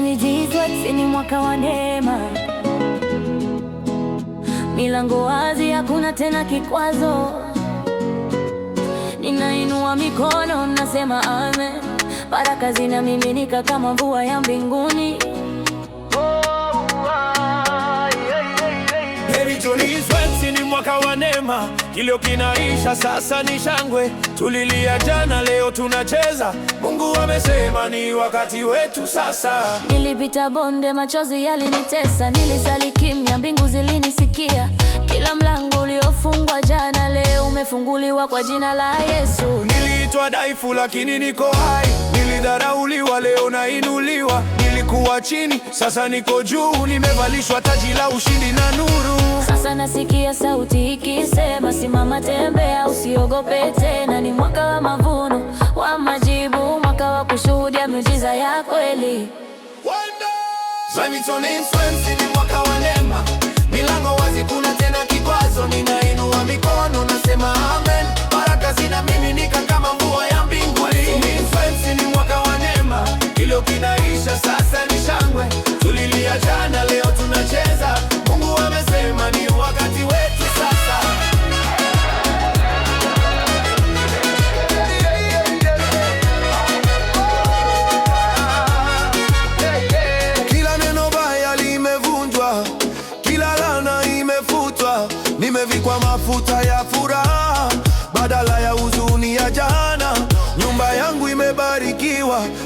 Wamejizwa chini, mwaka wa neema, milango wazi, hakuna tena kikwazo. Ninainua mikono, nasema amen. Baraka zinamiminika kama mvua ya mbinguni. mwaka wa neema kinaisha, sasa ni shangwe. Tulilia jana, leo tunacheza. Mungu amesema ni wakati wetu sasa. Nilipita bonde, machozi yalinitesa, nilisali kimya, mbingu zilinisikia. Kila mlango uliofungwa jana, leo umefunguliwa kwa jina la Yesu. Niliitwa dhaifu, lakini niko hai, nilidharauliwa, leo nainuliwa nilikuwa chini, sasa niko juu, nimevalishwa taji la ushindi na nuru. Sasa nasikia sauti ikisema, simama, tembea, usiogope tena. Ni mwaka wa mavuno, wa majibu, mwaka wa kushuhudia miujiza ya kweli. Ni mwaka wa neema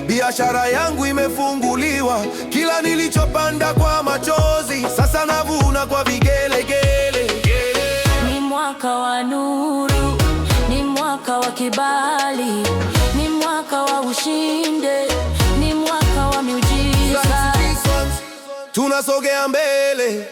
biashara yangu imefunguliwa, kila nilichopanda kwa machozi sasa navuna kwa vigelegele. Ni mwaka wa nuru, ni mwaka wa kibali, ni mwaka wa ushinde, ni mwaka wa miujiza, tunasogea mbele.